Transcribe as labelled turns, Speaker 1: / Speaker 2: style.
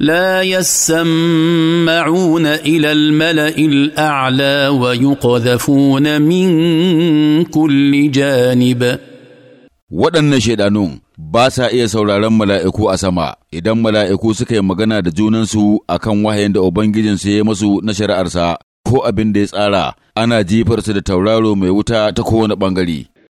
Speaker 1: لا يسمعون الى الملا الاعلى
Speaker 2: ويقذفون من كل جانب waɗannan shaiɗanun ba sa iya sauraron mala'iku a sama idan mala'iku suka yi magana da junansu a kan wahayin da Ubangijinsu ya masu na shari'arsa ko abin da ya tsara ana jifarsu da tauraro mai wuta ta kowane ɓangare.